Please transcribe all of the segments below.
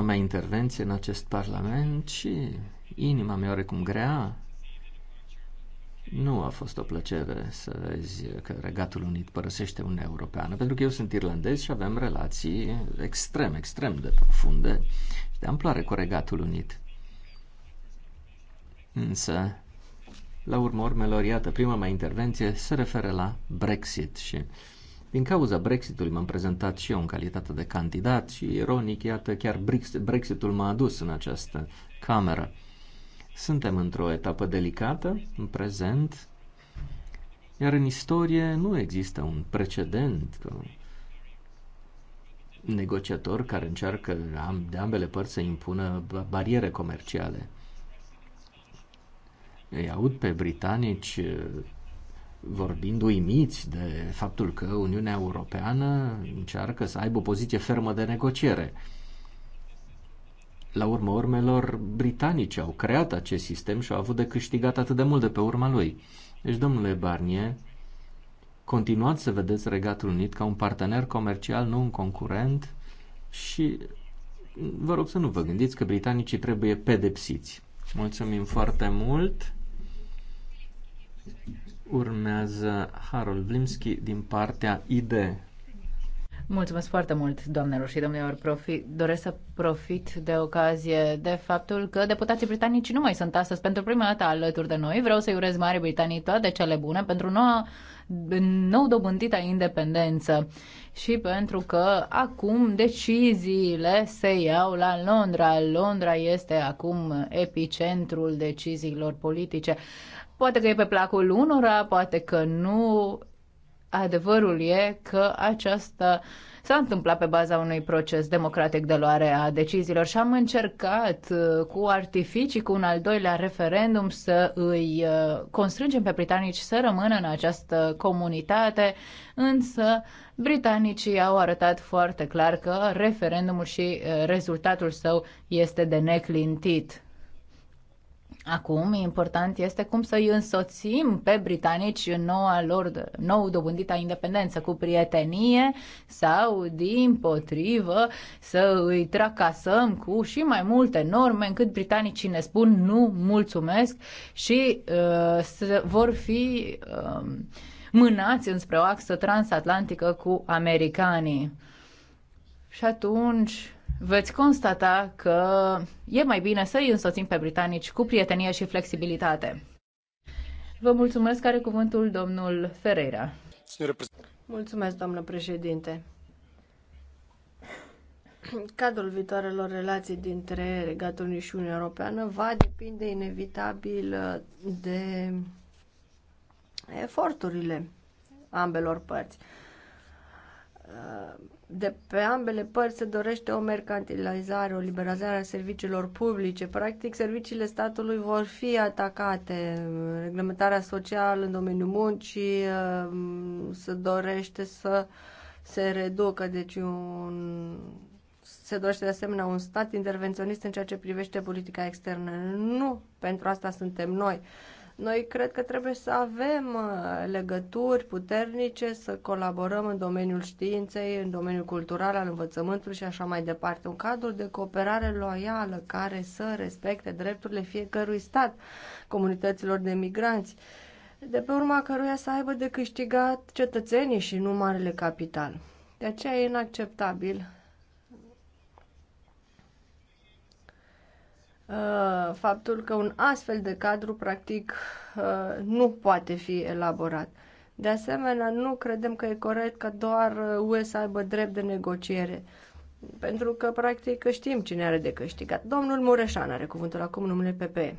prima mea intervenție în acest Parlament și inima mea oarecum grea. Nu a fost o plăcere să vezi că Regatul Unit părăsește Uniunea Europeană, pentru că eu sunt irlandez și avem relații extrem, extrem de profunde și de amploare cu Regatul Unit. Însă, la urmă urmelor, iată, prima mea intervenție se referă la Brexit și uh, din cauza Brexitului m-am prezentat și eu în calitate de candidat și, ironic, iată, chiar Brexitul m-a adus în această cameră. Suntem într-o etapă delicată, în prezent, iar în istorie nu există un precedent că negociator care încearcă de ambele părți să impună bariere comerciale. Îi aud pe britanici vorbind uimiți de faptul că Uniunea Europeană încearcă să aibă o poziție fermă de negociere. La urma urmelor, britanicii au creat acest sistem și au avut de câștigat atât de mult de pe urma lui. Deci, domnule Barnier, continuați să vedeți Regatul Unit ca un partener comercial, nu un concurent și vă rog să nu vă gândiți că britanicii trebuie pedepsiți. Mulțumim foarte mult! Urmează Harold Blimski din partea ID. Mulțumesc foarte mult, doamnelor și domnilor. Profi, doresc să profit de ocazie de faptul că deputații britanici nu mai sunt astăzi pentru prima dată alături de noi. Vreau să-i urez Marii Britanii toate cele bune pentru noua, nou dobândită independență și pentru că acum deciziile se iau la Londra. Londra este acum epicentrul deciziilor politice. Poate că e pe placul unora, poate că nu. Adevărul e că aceasta s-a întâmplat pe baza unui proces democratic de luare a deciziilor și am încercat uh, cu artificii, cu un al doilea referendum să îi uh, constrângem pe britanici să rămână în această comunitate, însă britanicii au arătat foarte clar că referendumul și uh, rezultatul său este de neclintit. Acum, important este cum să îi însoțim pe britanici în noua lor, nou dobândită independență cu prietenie sau, din potrivă, să îi tracasăm cu și mai multe norme încât britanicii ne spun nu, mulțumesc și uh, să vor fi uh, mânați înspre o axă transatlantică cu americanii. Și atunci veți constata că e mai bine să îi însoțim pe britanici cu prietenie și flexibilitate. Vă mulțumesc, are cuvântul domnul Ferreira. Mulțumesc, doamnă președinte. Cadrul viitoarelor relații dintre Regatul Unii și Uniunea Europeană va depinde inevitabil uh, de eforturile ambelor părți uh, de pe ambele părți se dorește o mercantilizare, o liberalizare a serviciilor publice. Practic, serviciile statului vor fi atacate. Reglementarea socială în domeniul muncii um, se dorește să se reducă, deci un, se dorește de asemenea un stat intervenționist în ceea ce privește politica externă. Nu pentru asta suntem noi. Noi cred că trebuie să avem uh, legături puternice, să colaborăm în domeniul științei, în domeniul cultural, al învățământului și așa mai departe. Un cadru de cooperare loială care să respecte drepturile fiecărui stat, comunităților de migranți, de pe urma căruia să aibă de câștigat cetățenii și nu marele capital. De aceea e inacceptabil Uh, faptul că un astfel de cadru practic uh, nu poate fi elaborat. De asemenea, nu credem că e corect că doar UE să aibă drept de negociere, pentru că practic știm cine are de câștigat. Domnul Mureșan are cuvântul acum numele PPE.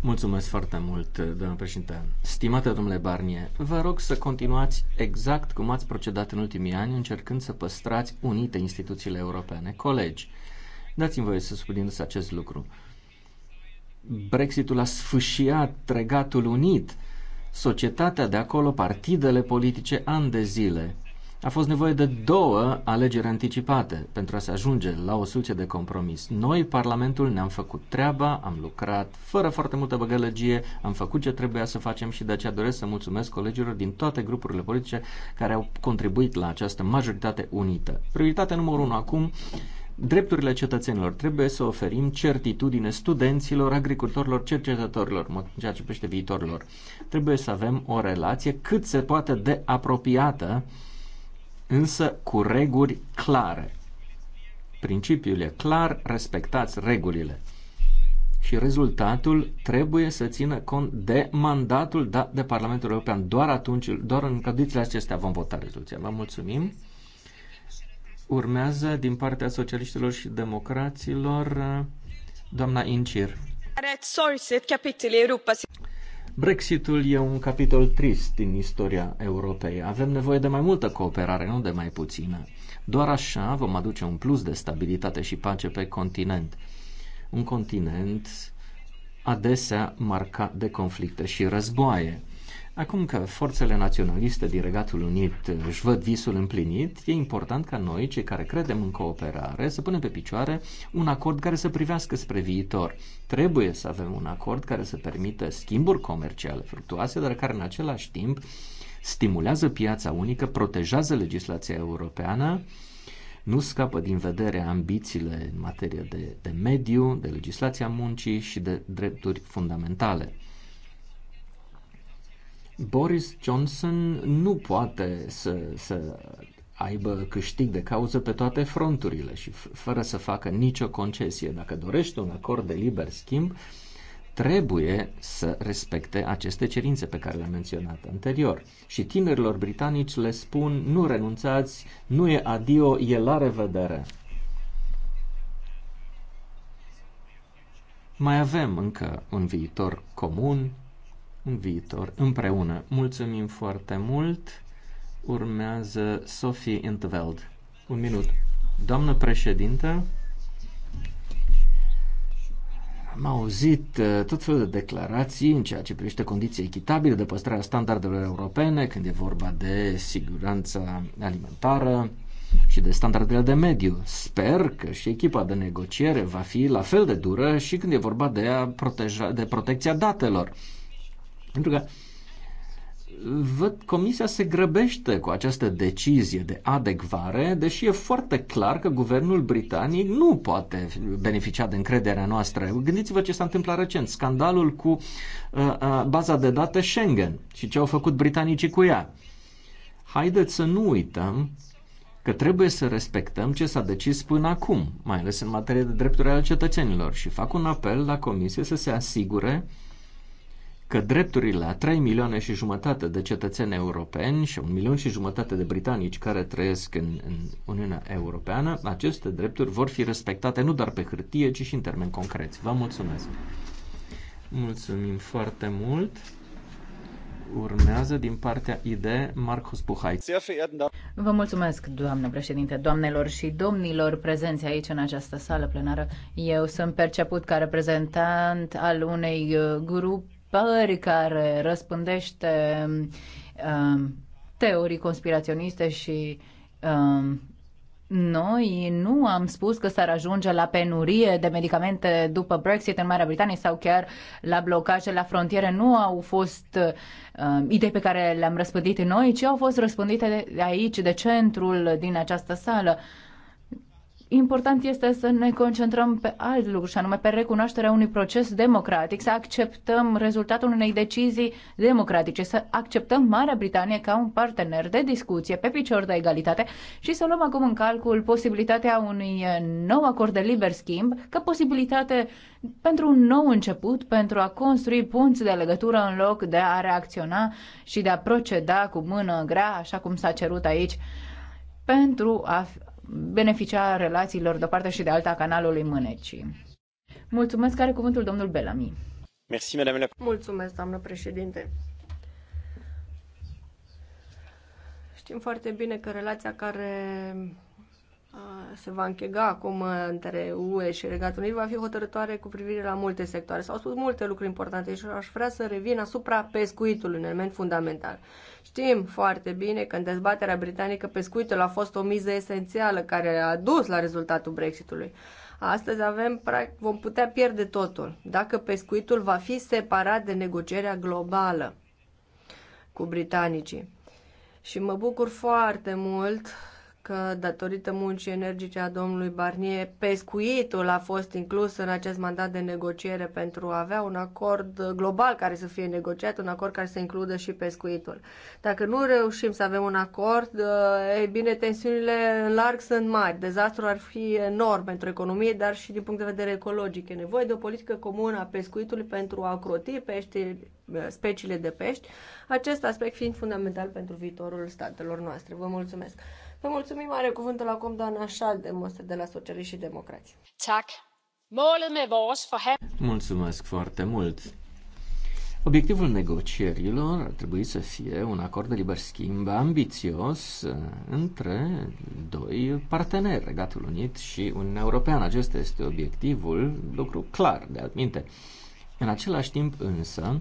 Mulțumesc foarte mult, domnul președinte. Stimate domnule Barnier, vă rog să continuați exact cum ați procedat în ultimii ani, încercând să păstrați unite instituțiile europene. Colegi, Dați-mi voie să subliniez acest lucru. Brexitul a sfâșiat Regatul Unit, societatea de acolo, partidele politice, ani de zile. A fost nevoie de două alegeri anticipate pentru a se ajunge la o soluție de compromis. Noi, Parlamentul, ne-am făcut treaba, am lucrat fără foarte multă băgălăgie, am făcut ce trebuia să facem și de aceea doresc să mulțumesc colegilor din toate grupurile politice care au contribuit la această majoritate unită. Prioritatea numărul unu acum drepturile cetățenilor. Trebuie să oferim certitudine studenților, agricultorilor, cercetătorilor, în ceea ce privește viitorilor. Trebuie să avem o relație cât se poate de apropiată, însă cu reguli clare. Principiul e clar, respectați regulile. Și rezultatul trebuie să țină cont de mandatul dat de Parlamentul European. Doar atunci, doar în condițiile acestea vom vota rezoluția. Vă mulțumim! Urmează din partea socialiștilor și democraților doamna Incir. Brexitul e un capitol trist din istoria Europei. Avem nevoie de mai multă cooperare, nu de mai puțină. Doar așa vom aduce un plus de stabilitate și pace pe continent. Un continent adesea marcat de conflicte și războaie. Acum că forțele naționaliste din Regatul Unit uh, își văd visul împlinit, e important ca noi, cei care credem în cooperare, să punem pe picioare un acord care să privească spre viitor. Trebuie să avem un acord care să permită schimburi comerciale fructuoase, dar care în același timp stimulează piața unică, protejează legislația europeană, nu scapă din vedere ambițiile în materie de, de mediu, de legislația muncii și de drepturi fundamentale. Boris Johnson nu poate să, să aibă câștig de cauză pe toate fronturile și fără să facă nicio concesie. Dacă dorește un acord de liber schimb, trebuie să respecte aceste cerințe pe care le-am menționat anterior. Și tinerilor britanici le spun, nu renunțați, nu e adio, e la revedere. Mai avem încă un viitor comun, în viitor împreună. Mulțumim foarte mult. Urmează Sophie Intveld. Un minut. Doamnă președintă, am auzit uh, tot felul de declarații în ceea ce privește condiții echitabile de păstrarea standardelor europene, când e vorba de siguranța alimentară și de standardele de mediu. Sper că și echipa de negociere va fi la fel de dură și când e vorba de, a proteja, de protecția datelor pentru că uh, văd comisia se grăbește cu această decizie de adecvare, deși e foarte clar că guvernul britanic nu poate beneficia de încrederea noastră. Gândiți-vă ce s-a întâmplat recent, scandalul cu uh, uh, baza de date Schengen și ce au făcut britanicii cu ea. Haideți să nu uităm că trebuie să respectăm ce s-a decis până acum, mai ales în materie de drepturi ale cetățenilor și fac un apel la comisie să se asigure uh, că drepturile a 3 milioane și jumătate de cetățeni europeni și un milion și jumătate de britanici care trăiesc în, în Uniunea Europeană, aceste drepturi vor fi respectate nu doar pe hârtie, ci și în termeni concreți. Vă mulțumesc! Mulțumim foarte mult! Urmează din partea ID Marcus Buhai. Vă mulțumesc, doamnă președinte, doamnelor și domnilor prezenți aici în această sală plenară. Eu sunt perceput ca reprezentant al unei uh, grup pări care răspândește um, teorii conspiraționiste și um, noi nu am spus că s-ar ajunge la penurie de medicamente după Brexit în Marea Britanie sau chiar la blocaje la frontiere. Nu au fost uh, idei pe care le-am răspândit noi, ci au fost răspândite de aici, de centrul din această sală. Uh, important este să ne concentrăm pe alt lucru, și anume pe recunoașterea unui proces democratic, să acceptăm rezultatul unei decizii democratice, să acceptăm Marea Britanie ca un partener de discuție pe picior de egalitate și să luăm acum în calcul posibilitatea unui nou acord de liber schimb ca posibilitate pentru un nou început, pentru a construi punți de legătură în loc de a reacționa și de a proceda cu mână grea, așa cum s-a cerut aici, pentru a beneficia relațiilor de o parte și de alta a canalului Mânecii. Mulțumesc, care cuvântul domnul Bellamy. Merci, madame la... Mulțumesc, doamnă președinte. Știm foarte bine că relația care se va închega acum între UE și Regatul Unit va fi hotărătoare cu privire la multe sectoare. S-au spus multe lucruri importante și aș vrea să revin asupra pescuitului, un element fundamental. Știm foarte bine că în dezbaterea britanică pescuitul a fost o miză esențială care a dus la rezultatul Brexitului. Astăzi avem, vom putea pierde totul dacă pescuitul va fi separat de negocierea globală cu britanicii. Și mă bucur foarte mult că datorită muncii energice a domnului Barnier, pescuitul a fost inclus în acest mandat de negociere pentru a avea un acord global care să fie negociat, un acord care să includă și pescuitul. Dacă nu reușim să avem un acord, ei eh, bine, tensiunile în larg sunt mari. Dezastrul ar fi enorm pentru economie, dar și din punct de vedere ecologic. E nevoie de o politică comună a pescuitului pentru a croti pește, eh, speciile de pești, acest aspect fiind fundamental pentru viitorul statelor noastre. Vă mulțumesc! Vă mulțumim, are cuvântul acum doamna Șal de la Socialiști și Democrați. Mulțumesc foarte mult. Obiectivul negocierilor ar trebui să fie un acord de liber schimb ambițios uh, între doi parteneri, Regatul Unit și Uniunea Europeană. Acesta este obiectivul, lucru clar de adminte. În același timp însă,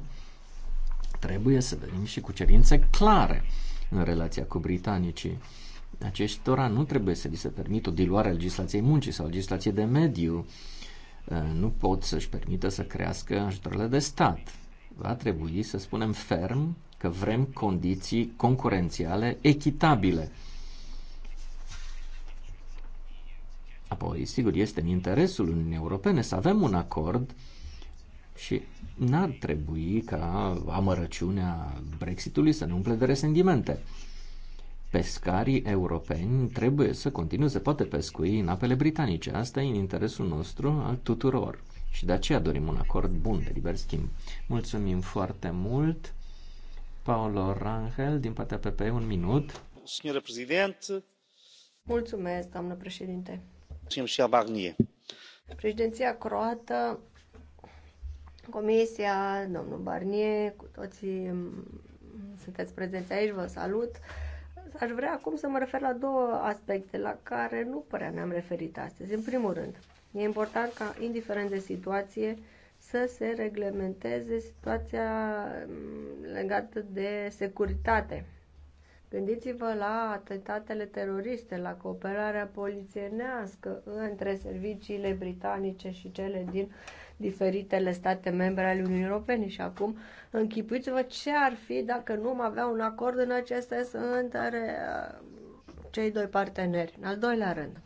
trebuie să venim și cu cerințe clare în relația cu britanicii. Aceștora nu trebuie să li se permită o diluare a legislației muncii sau legislației de mediu. Uh, nu pot să-și permită să crească ajutorile de stat. Va trebui să spunem ferm că vrem condiții concurențiale echitabile. Apoi, sigur, este în interesul Uniunii Europene să avem un acord și n-ar trebui ca amărăciunea Brexitului să ne umple de resentimente pescarii europeni trebuie să continue să poată pescui în apele britanice. Asta e în interesul nostru al tuturor. Și de aceea dorim un acord bun de liber schimb. Mulțumim foarte mult. Paolo Rangel, din partea PP, un minut. Signora Prezident. Mulțumesc, doamnă președinte. Și Barnier. Președinția croată, comisia, domnul Barnier, cu toții mm, sunteți prezenți aici, vă salut. Uh, aș vrea acum să mă refer la două aspecte la care nu prea ne-am referit astăzi. În primul rând, e important ca, indiferent de situație, să se reglementeze situația mm, legată de securitate. Gândiți-vă la atentatele teroriste, la cooperarea polițienească între serviciile britanice și cele din uh, diferitele state membre ale Uniunii Europene și acum închipuiți-vă ce ar fi dacă nu am avea un acord în aceste între uh, cei doi parteneri. În al doilea rând,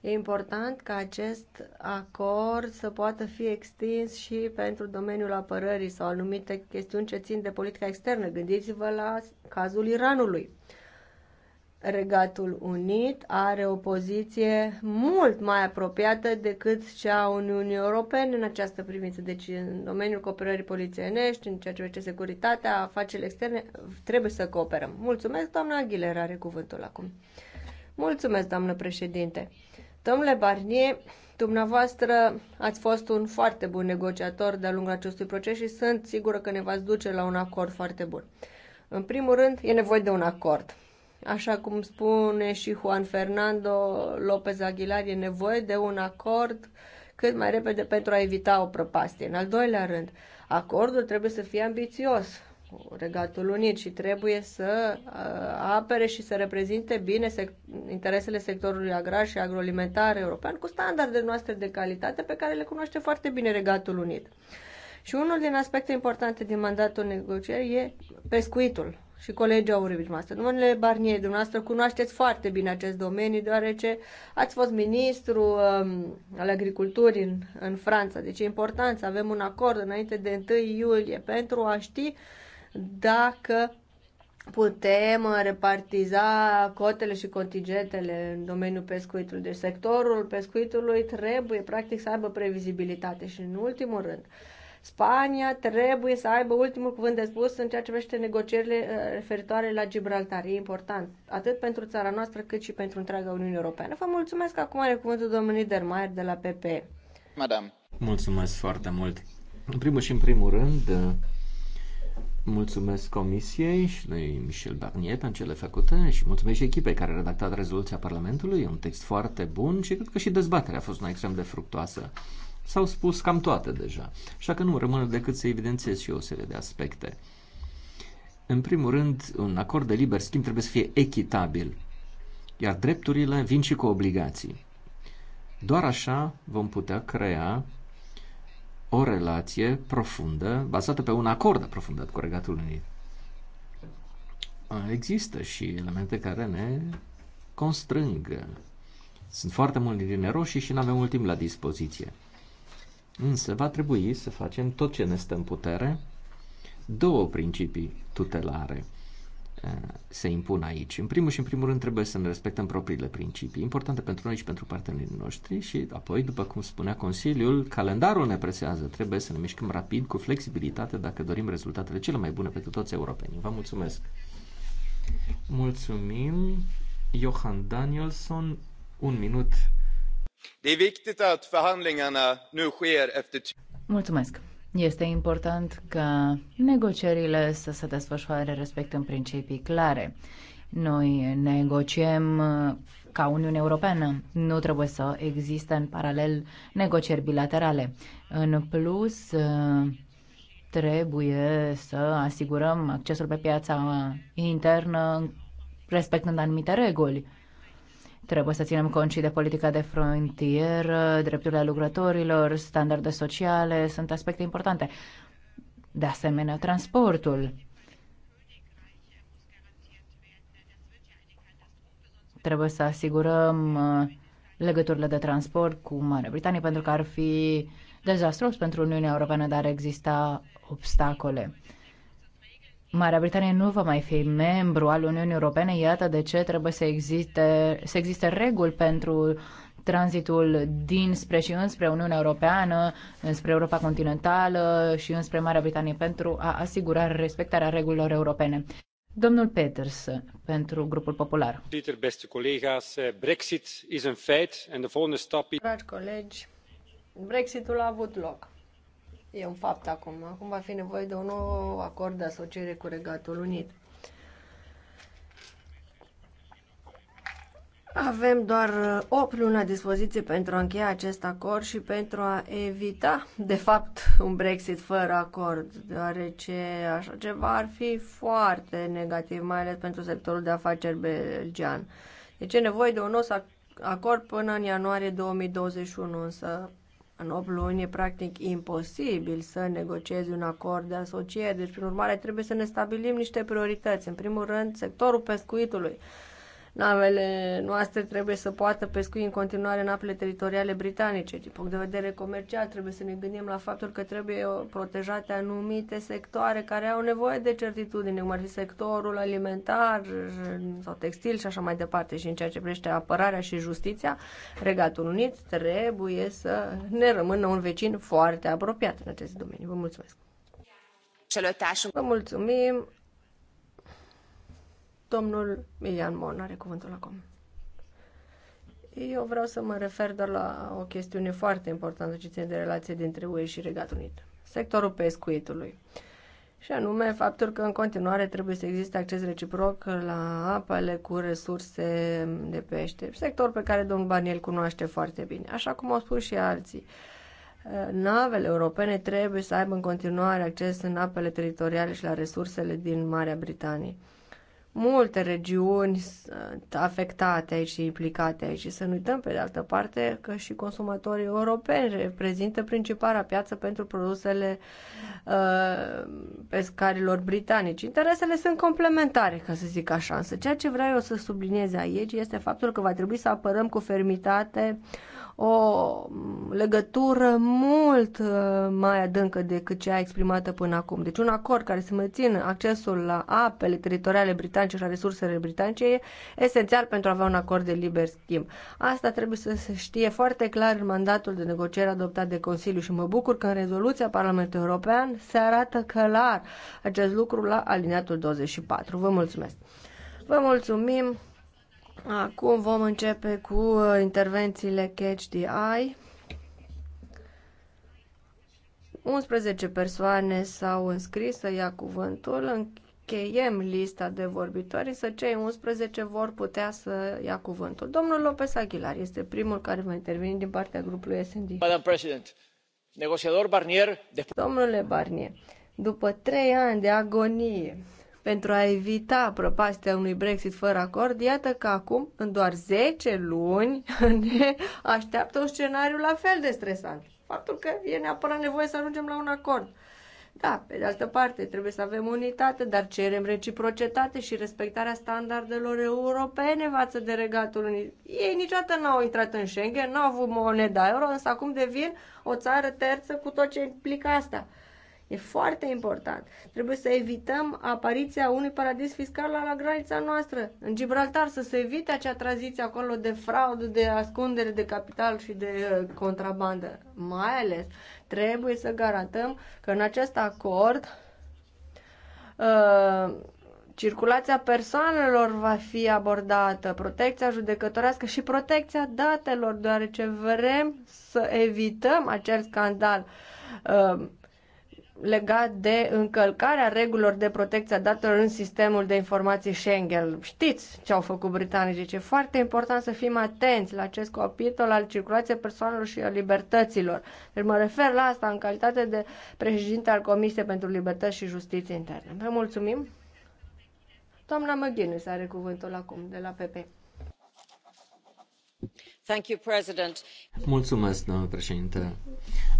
E important ca acest acord să poată fi extins și pentru domeniul apărării sau anumite chestiuni ce țin de politica externă. Gândiți-vă la cazul Iranului. Regatul Unit are o poziție mult mai apropiată decât cea a Uniunii Europene în această privință. Deci, în domeniul cooperării polițienești, în ceea ce privește securitatea, afacerile externe, trebuie să cooperăm. Mulțumesc, doamna Aguilera, are cuvântul acum. Mulțumesc, doamnă președinte. Domnule Barnier, dumneavoastră ați fost un foarte bun negociator de-a lungul acestui proces și sunt sigură că ne v-ați duce la un acord foarte bun. În primul rând, e nevoie de un acord Așa cum spune și Juan Fernando López Aguilar, e nevoie de un acord cât mai repede pentru a evita o prăpastie. În al doilea rând, acordul trebuie să fie ambițios cu Regatul Unit și trebuie să uh, apere și să reprezinte bine sec- interesele sectorului agrar și agroalimentar european cu standarde noastre de calitate pe care le cunoaște foarte bine Regatul Unit. Și unul din aspecte importante din mandatul negocierii: e pescuitul și colegii au vorbit dumneavoastră. Domnule Barnier, dumneavoastră cunoașteți foarte bine acest domeniu, deoarece ați fost ministru um, al agriculturii în, în Franța. Deci e important să avem un acord înainte de 1 iulie pentru a ști dacă putem uh, repartiza cotele și contingentele în domeniul pescuitului. Deci sectorul pescuitului trebuie practic să aibă previzibilitate și în ultimul rând uh, Spania trebuie să aibă ultimul cuvânt de spus în ceea ce privește negocierile uh, referitoare la Gibraltar. E important, atât pentru țara noastră, cât și pentru întreaga Uniune Europeană. Vă mulțumesc. Acum are cuvântul domnului Dermaier de la PPE. Madam. Mulțumesc foarte mult. În primul și în primul rând, uh, mulțumesc Comisiei și lui Michel Barnier pentru cele făcute și mulțumesc și echipei care a redactat rezoluția Parlamentului. E un text foarte bun și cred că și dezbaterea a fost una extrem de fructoasă s-au spus cam toate deja, așa că nu rămâne decât să evidențiez și eu o serie de aspecte. În primul rând, un acord de liber schimb trebuie să fie echitabil, iar drepturile vin și cu obligații. Doar așa vom putea crea o relație profundă, bazată pe un acord aprofundat cu Regatul Unit. Există și elemente care ne constrâng. Sunt foarte mulți din roșii și nu avem mult timp la dispoziție. Însă va trebui să facem tot ce ne stă în putere. Două principii tutelare eh, se impun aici. În primul și în primul rând trebuie să ne respectăm propriile principii, importante pentru noi și pentru partenerii noștri și apoi, după cum spunea Consiliul, calendarul ne presează. Trebuie să ne mișcăm rapid, cu flexibilitate, dacă dorim rezultatele cele mai bune pentru toți europenii. Vă mulțumesc! Mulțumim! Johan Danielson, un minut Mulțumesc. Este important ca negocierile să se desfășoare respectând principii clare. Noi negociem ca Uniunea Europeană. Nu trebuie să existe în paralel negocieri bilaterale. În plus, trebuie să asigurăm accesul pe piața internă respectând anumite reguli. Trebuie să ținem cont și de politica de frontieră, drepturile lucrătorilor, standarde sociale, sunt aspecte importante. De asemenea, transportul. Trebuie să asigurăm uh, legăturile de transport cu Marea Britanie pentru că ar fi dezastros pentru Uniunea Europeană, dar exista obstacole. Marea Britanie nu va mai fi membru al Uniunii Europene, iată de ce trebuie să existe, să existe reguli pentru tranzitul dinspre și înspre Uniunea Europeană, înspre Europa continentală și înspre Marea Britanie pentru a asigura respectarea regulilor europene. Domnul Peters, pentru grupul popular. Peter, beste colegas, eh, Brexit is a fate and the volgende stap... Dragi colegi, Brexitul a avut loc. E un fapt acum. Acum va fi nevoie de un nou acord de asociere cu Regatul Unit. Avem doar 8 uh, luni la dispoziție pentru a încheia acest acord și pentru a evita, de fapt, un Brexit fără acord, deoarece așa ceva ar fi foarte negativ, mai ales pentru sectorul de afaceri belgian. Deci e nevoie de un nou acord până în ianuarie 2021, însă în 8 luni e practic imposibil să negociezi un acord de asociere, deci prin urmare trebuie să ne stabilim niște priorități. În primul rând, sectorul pescuitului Navele noastre trebuie să poată pescui în continuare în apele teritoriale britanice. Din punct de vedere comercial, trebuie să ne gândim la faptul că trebuie protejate anumite sectoare care au nevoie de certitudine, cum ar fi sectorul alimentar sau textil și așa mai departe. Și în ceea ce privește apărarea și justiția, Regatul Unit trebuie să ne rămână un vecin foarte apropiat în acest domeniu. Vă mulțumesc! Vă mulțumim! Domnul Milian Mon are cuvântul acum. Eu vreau să mă refer doar la o chestiune foarte importantă ce ține de relație dintre UE și Regatul Unit. Sectorul pescuitului. Și anume faptul că în continuare trebuie să existe acces reciproc la apele cu resurse de pește. Sector pe care domnul Baniel cunoaște foarte bine. Așa cum au spus și alții. Navele europene trebuie să aibă în continuare acces în apele teritoriale și la resursele din Marea Britanie multe regiuni sunt afectate aici și implicate aici și să nu uităm pe de altă parte că și consumatorii europeni reprezintă principala piață pentru produsele uh, pescarilor britanici. Interesele sunt complementare, ca să zic așa, însă ceea ce vreau eu să subliniez aici este faptul că va trebui să apărăm cu fermitate o legătură mult uh, mai adâncă decât cea exprimată până acum. Deci un acord care să mențină accesul la apele teritoriale britanice și la resursele britanice e esențial pentru a avea un acord de liber schimb. Asta trebuie să se știe foarte clar în mandatul de negociere adoptat de Consiliu și mă bucur că în rezoluția Parlamentului European se arată clar acest lucru la aliniatul 24. Vă mulțumesc! Vă mulțumim! Acum vom începe cu uh, intervențiile Catch the Eye. 11 persoane s-au înscris să ia cuvântul. Încheiem lista de vorbitori, însă cei 11 vor putea să ia cuvântul. Domnul Lopez Aguilar este primul care va interveni din partea grupului SND. Madam President, negociator Barnier... Domnule Barnier, după trei ani de agonie, pentru a evita prăpastia unui Brexit fără acord, iată că acum, în doar 10 luni, ne așteaptă un scenariu la fel de stresant. Faptul că e neapărat nevoie să ajungem la un acord. Da, pe de altă parte, trebuie să avem unitate, dar cerem reciprocitate și respectarea standardelor europene față de Regatul Unit. Ei niciodată n-au intrat în Schengen, n-au avut moneda euro, însă acum devin o țară terță cu tot ce implică asta. E foarte important. Trebuie să evităm apariția unui paradis fiscal la, la granița noastră, în Gibraltar, să se evite acea tranziție acolo de fraudă, de ascundere de capital și de uh, contrabandă. Mai ales trebuie să garantăm că în acest acord uh, circulația persoanelor va fi abordată, protecția judecătorească și protecția datelor, deoarece vrem să evităm acel scandal. Uh, legat de încălcarea regulilor de protecție a datelor în sistemul de informații Schengen. Știți ce au făcut britanii, deci e foarte important să fim atenți la acest capitol al circulației persoanelor și a libertăților. Deci mă refer la asta în calitate de președinte al Comisiei pentru Libertăți și Justiție Interne. Vă mulțumim! Doamna McGuinness are cuvântul acum de la PP. Mulțumesc, domnule președinte.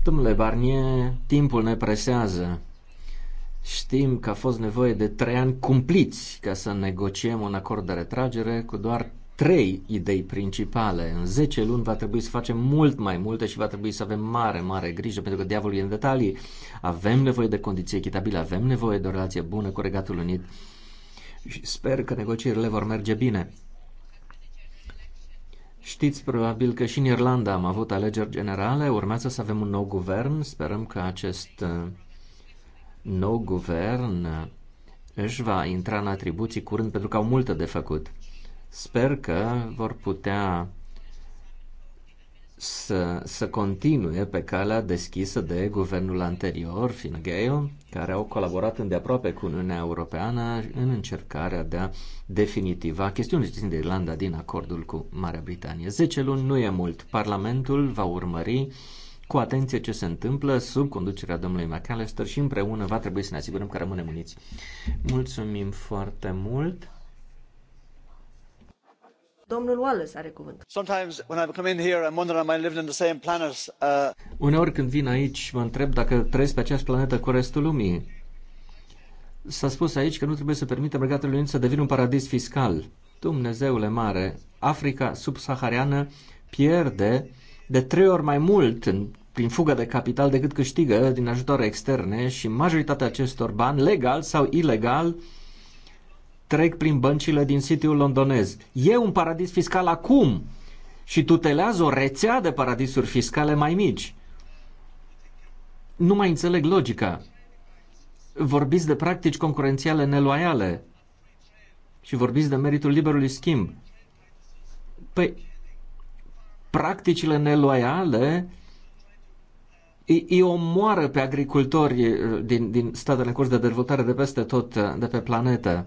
Domnule Barnier, timpul ne presează. Știm că a fost nevoie de trei ani cumpliți ca să negociem un acord de retragere cu doar trei idei principale. În 10 luni va trebui să facem mult mai multe și va trebui să avem mare, mare grijă, pentru că diavolul e în detalii. Avem nevoie de condiții echitabile, avem nevoie de o relație bună cu Regatul Unit și sper că negocierile vor merge bine. Știți probabil că și în Irlanda am avut alegeri generale, urmează să avem un nou guvern, sperăm că acest uh, nou guvern uh, își va intra în atribuții curând pentru că au multe de făcut. Sper că vor putea să, să continue pe calea deschisă de guvernul anterior, Fingeo, care au colaborat îndeaproape cu Uniunea Europeană în încercarea de a definitiva chestiunile din de Irlanda din acordul cu Marea Britanie. 10 luni nu e mult. Parlamentul va urmări cu atenție ce se întâmplă sub conducerea domnului McAllister și împreună va trebui să ne asigurăm că rămânem uniți. Mulțumim foarte mult! Domnul Wallace are cuvânt. Sometimes when I come in here, I'm wondering am I living in the same planet. Uh... Uneori când vin aici, mă întreb dacă trăiesc pe aceeași planetă cu restul lumii. S-a spus aici că nu trebuie să permitem Regatul Unit să devină un paradis fiscal. Dumnezeule mare, Africa subsahariană pierde de trei ori mai mult în, prin fugă de capital decât câștigă din ajutoare externe și majoritatea acestor bani, legal sau ilegal, uh, trec prin băncile din sitiul londonez. E un paradis fiscal acum și tutelează o rețea de paradisuri fiscale mai mici. Nu mai înțeleg logica. Vorbiți de practici concurențiale neloiale și vorbiți de meritul liberului schimb. Păi, practicile neloiale îi, omoară pe agricultori eh, din, din statele curs de dezvoltare de peste tot, eh, de pe planetă.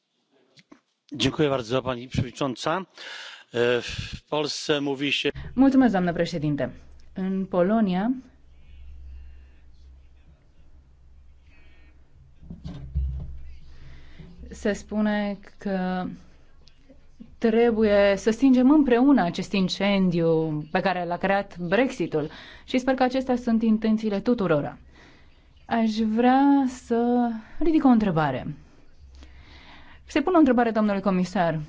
Mulțumesc, doamnă președinte. În Polonia, se spune că trebuie să stingem împreună acest incendiu pe care l-a creat Brexitul și sper că acestea sunt intențiile tuturora. Aș vrea să ridic o întrebare. Se pune o întrebare domnule comisar,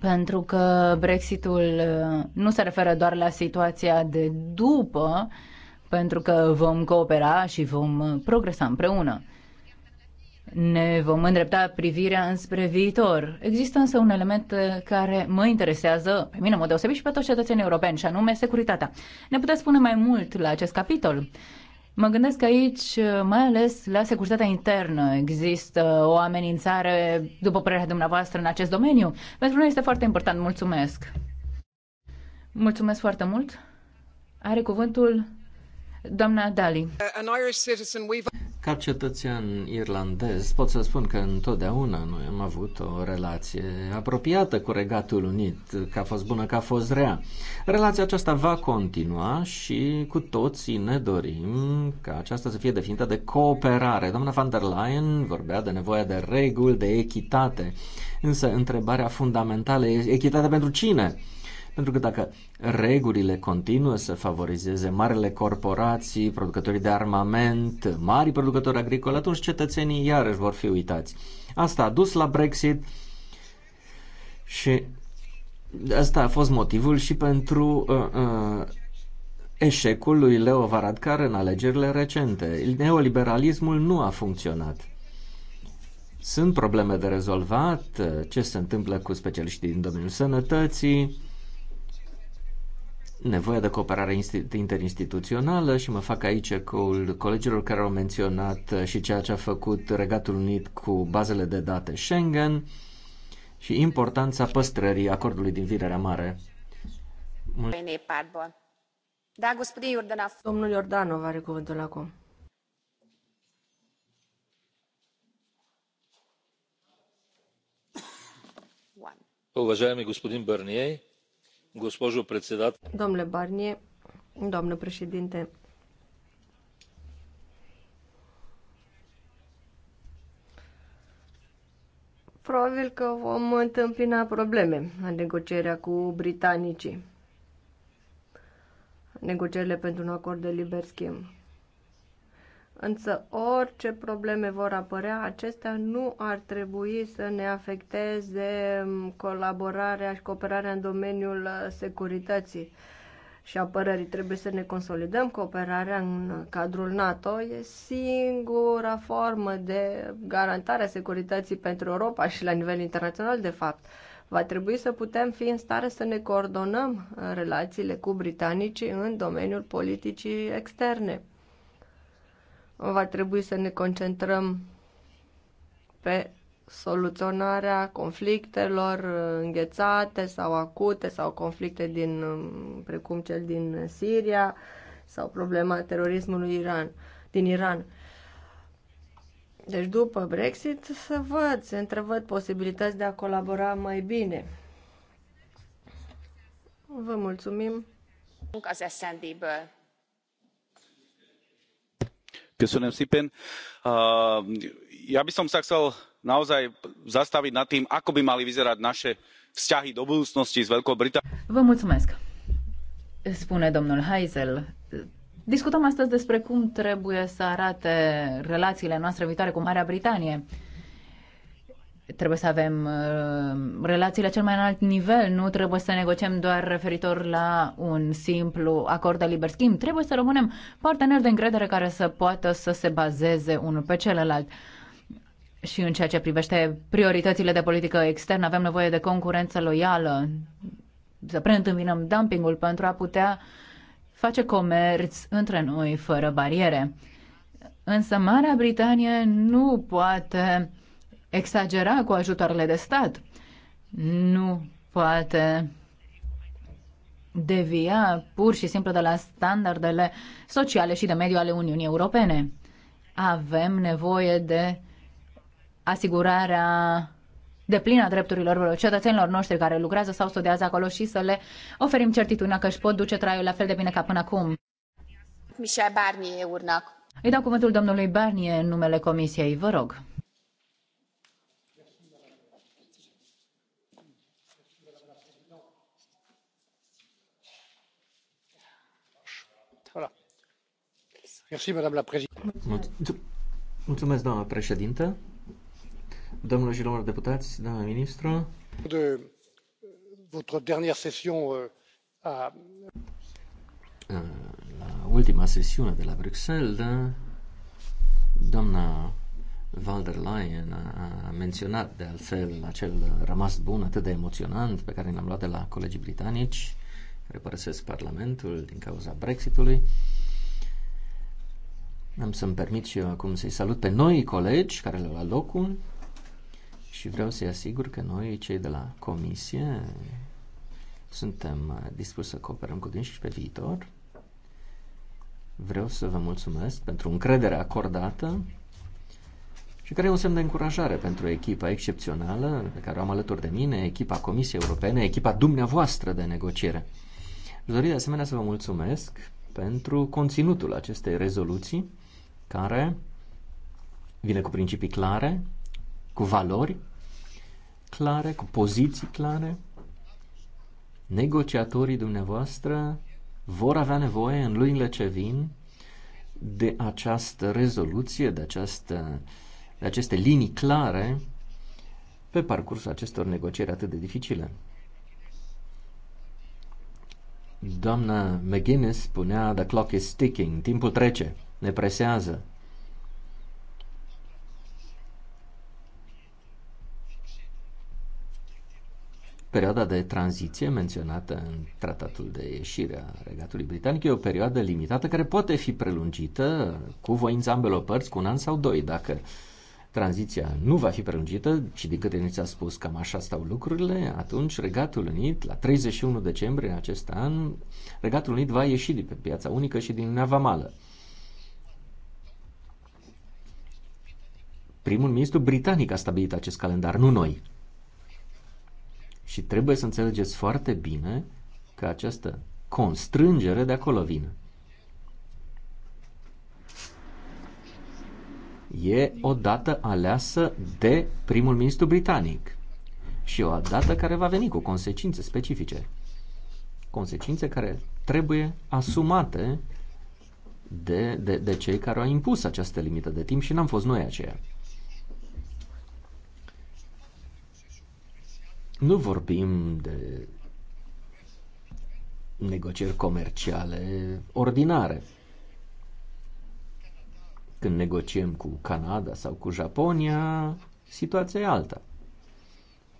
pentru că Brexitul uh, nu se referă doar la situația de după, pentru că vom coopera și vom uh, progresa împreună. Ne vom îndrepta privirea înspre viitor. Există însă un element uh, care mă interesează, pe mine mă deosebit și pe toți cetățenii europeni, și anume securitatea. Ne puteți spune mai mult la acest capitol? Mă gândesc că aici uh, mai ales la securitatea internă. Există o amenințare, după părerea dumneavoastră, în acest domeniu? Pentru noi este foarte important. Mulțumesc! Mulțumesc foarte mult! Are cuvântul doamna Dali. Ca cetățean irlandez pot să spun că întotdeauna noi am avut o relație apropiată cu Regatul Unit, că a fost bună, că a fost rea. Relația aceasta va continua și cu toții ne dorim ca aceasta să fie definită de cooperare. Doamna van der Leyen vorbea de nevoia de reguli, de echitate, însă întrebarea fundamentală e echitatea pentru cine? Pentru că dacă regulile continuă să favorizeze marele corporații, producătorii de armament, mari producători agricoli, atunci cetățenii iarăși vor fi uitați. Asta a dus la Brexit și asta a fost motivul și pentru uh, uh, eșecul lui Leo Varadkar în alegerile recente. Neoliberalismul nu a funcționat. Sunt probleme de rezolvat, uh, ce se întâmplă cu specialiștii din domeniul sănătății, nevoia de cooperare interinstituțională și mă fac aici ecoul colegilor care au menționat uh, și ceea ce a făcut Regatul Unit cu bazele de date Schengen și importanța păstrării acordului din Vinerea Mare. da, gospodin Iordanov. Domnul Iordanov are cuvântul acum. Уважаеми господин Барниer, Domnule Barnier, doamnă președinte, probabil că vom întâmpina probleme în negocierea cu britanicii. Negocierile pentru un acord de liber schimb. Însă orice probleme vor apărea, acestea nu ar trebui să ne afecteze mm, colaborarea și cooperarea în domeniul uh, securității și apărării. Trebuie să ne consolidăm cooperarea în uh, cadrul NATO. E singura formă de garantare a securității pentru Europa și la nivel internațional, de fapt. Va trebui să putem fi în stare să ne coordonăm uh, relațiile cu britanicii în domeniul politicii externe va trebui să ne concentrăm pe soluționarea conflictelor înghețate sau acute sau conflicte din, precum cel din Siria sau problema terorismului Iran, din Iran. Deci după Brexit să văd, se întrevăd posibilități de a colabora mai bine. Vă mulțumim. Köszönöm szépen. Uh, ja by som sa chcel naozaj zastaviť nad tým, ako by mali vyzerať naše vzťahy do budúcnosti s Veľkou Britániou. Vă mulțumesc, spune domnul Heisel. Discutăm astăzi despre cum trebuie să arate relațiile noastre viitoare cu Marea Britanie trebuie să avem uh, relații la cel mai înalt nivel, nu trebuie să negociem doar referitor la un simplu acord de liber schimb, trebuie să rămânem parteneri de încredere care să poată să se bazeze unul pe celălalt. Și în ceea ce privește prioritățile de politică externă, avem nevoie de concurență loială, să preîntâmpinăm dumpingul pentru a putea face comerț între noi fără bariere. Însă Marea Britanie nu poate exagera cu ajutoarele de stat. Nu poate devia pur și simplu de la standardele sociale și de mediu ale Uniunii Europene. Avem nevoie de asigurarea de plină a drepturilor cetățenilor noștri care lucrează sau studiază acolo și să le oferim certitudinea că își pot duce traiul la fel de bine ca până acum. Michel Barnier urnac. Îi dau cuvântul domnului Barnier în numele Comisiei, vă rog. Mulțumesc, doamnă președintă. Domnilor și domnilor deputați, doamnă ministru. De votre dernière session à... Euh, la ultima sesiune de la Bruxelles, da, doamna Van der Leyen a menționat de altfel acel rămas bun atât de emoționant pe care l-am luat de la colegii britanici care părăsesc Parlamentul din cauza Brexitului. ului am să-mi permit și eu acum să-i salut pe noi colegi care le-au luat locul și vreau să-i asigur că noi, cei de la comisie, suntem uh, dispuși să cooperăm cu dânsii și pe viitor. Vreau să vă mulțumesc pentru încrederea acordată și care e un semn de încurajare pentru echipa excepțională pe care o am alături de mine, echipa Comisiei Europene, echipa dumneavoastră de negociere. Vă de asemenea să vă mulțumesc pentru conținutul acestei rezoluții care vine cu principii clare, cu valori clare, cu poziții clare. Negociatorii dumneavoastră vor avea nevoie în lunile ce vin de această rezoluție, de, această, de aceste linii clare pe parcursul acestor negocieri atât de dificile. Doamna McGuinness spunea, the clock is ticking, timpul trece ne presează. Perioada de tranziție menționată în tratatul de ieșire a Regatului Britanic e o perioadă limitată care poate fi prelungită cu voința ambelor părți cu un an sau doi. Dacă tranziția nu va fi prelungită ci din câte ni s-a spus cam așa stau lucrurile, atunci Regatul Unit, la 31 decembrie în acest an, Regatul Unit va ieși de pe piața unică și din Uniunea Vamală. Primul ministru britanic a stabilit acest calendar, nu noi. Și trebuie să înțelegeți foarte bine că această constrângere de acolo vine. E o dată aleasă de primul ministru britanic și o dată care va veni cu consecințe specifice. Consecințe care trebuie asumate de, de, de cei care au impus această limită de timp și n-am fost noi aceia. Nu vorbim de negocieri comerciale ordinare. Când negociem cu Canada sau cu Japonia, situația e alta.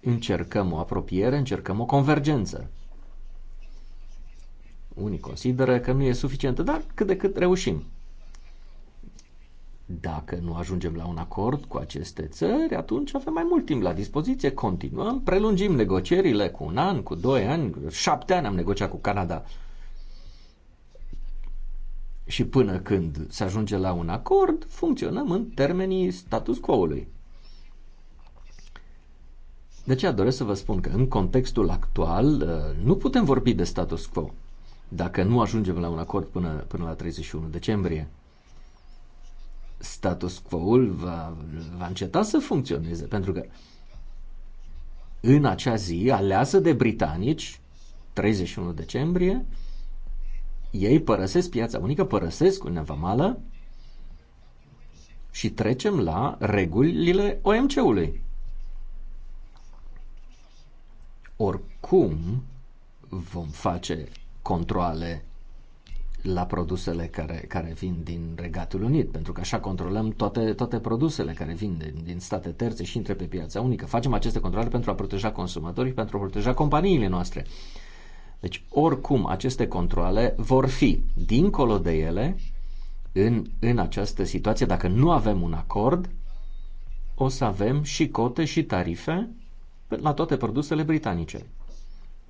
Încercăm o apropiere, încercăm o convergență. Unii consideră că nu e suficientă, dar cât de cât reușim. Dacă nu ajungem la un acord cu aceste țări, atunci avem mai mult timp la dispoziție, continuăm, prelungim negocierile cu un an, cu doi ani, șapte ani am negociat cu Canada. Și până când se ajunge la un acord, funcționăm în termenii status quo-ului. De aceea doresc să vă spun că în contextul actual uh, nu putem vorbi de status quo dacă nu ajungem la un acord până, până la 31 decembrie status quo-ul va, va înceta să funcționeze, pentru că în acea zi aleasă de britanici, 31 decembrie, ei părăsesc piața unică, părăsesc Uniunea Vamală și trecem la regulile OMC-ului. Oricum vom face controle la produsele care, care vin din Regatul Unit, pentru că așa controlăm toate, toate produsele care vin din, din state terțe și intră pe piața unică. Facem aceste controle pentru a proteja consumatorii și pentru a proteja companiile noastre. Deci, oricum, aceste controle vor fi, dincolo de ele, în, în această situație, dacă nu avem un acord, o să avem și cote și tarife la toate produsele britanice.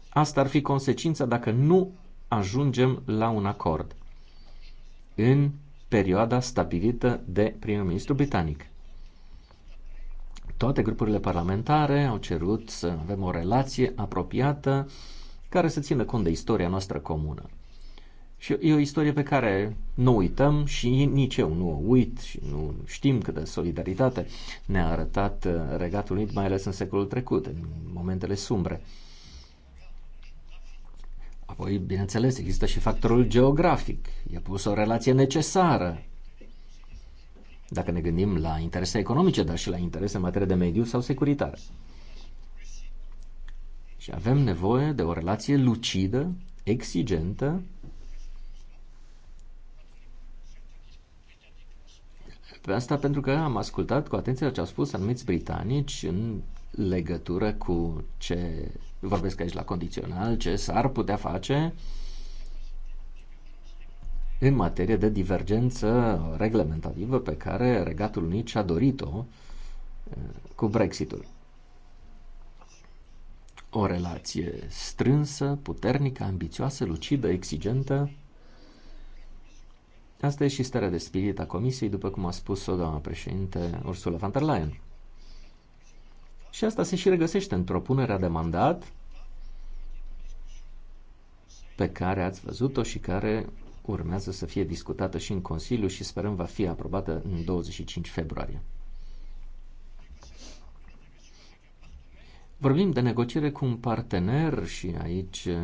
Asta ar fi consecința dacă nu ajungem la un acord în perioada stabilită de primul ministru britanic. Toate grupurile parlamentare au cerut să avem o relație apropiată care să țină cont de istoria noastră comună. Și e o istorie pe care nu uităm și nici eu nu o uit și nu știm cât de solidaritate ne-a arătat uh, Regatul Unit, mai ales în secolul trecut, în momentele sumbre. Apoi, bineînțeles, există și factorul geografic. E pus o relație necesară. Dacă ne gândim la interese economice, dar și la interese în materie de mediu sau securitate. Și avem nevoie de o relație lucidă, exigentă, Pe asta pentru că am ascultat cu atenție ce au spus anumiți britanici în legătură cu ce eu vorbesc aici la condițional, ce s-ar putea face în materie de divergență reglementativă pe care Regatul Unit și-a dorit-o eh, cu Brexitul. O relație strânsă, puternică, ambițioasă, lucidă, exigentă. Asta e și starea de spirit a Comisiei, după cum a spus-o doamna președinte Ursula von der Leyen. Și asta se și regăsește în propunerea de mandat pe care ați văzut-o și care urmează să fie discutată și în Consiliu și sperăm va fi aprobată în 25 februarie. Vorbim de negociere cu un partener și aici eh,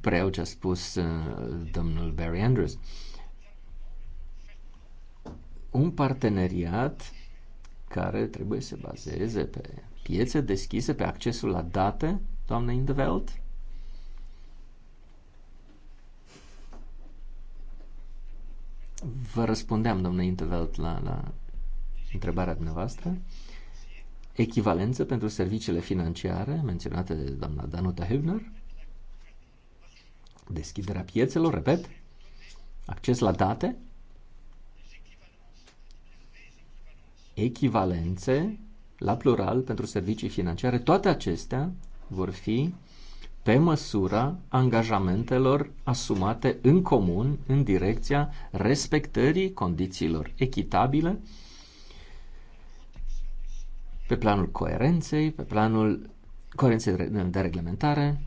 preiau ce a spus eh, domnul Barry Andrews. Un parteneriat care trebuie să se bazeze pe piețe deschise, pe accesul la date, doamnă Indeveld? Vă răspundeam, domnule Intervelt, la, la întrebarea dumneavoastră. Echivalență pentru serviciile financiare menționate de doamna Danuta Hübner. Deschiderea piețelor, repet. Acces la date. echivalențe, la plural, pentru servicii financiare, toate acestea vor fi pe măsura angajamentelor asumate în comun în direcția respectării condițiilor echitabile pe planul coerenței, pe planul coerenței de reglementare,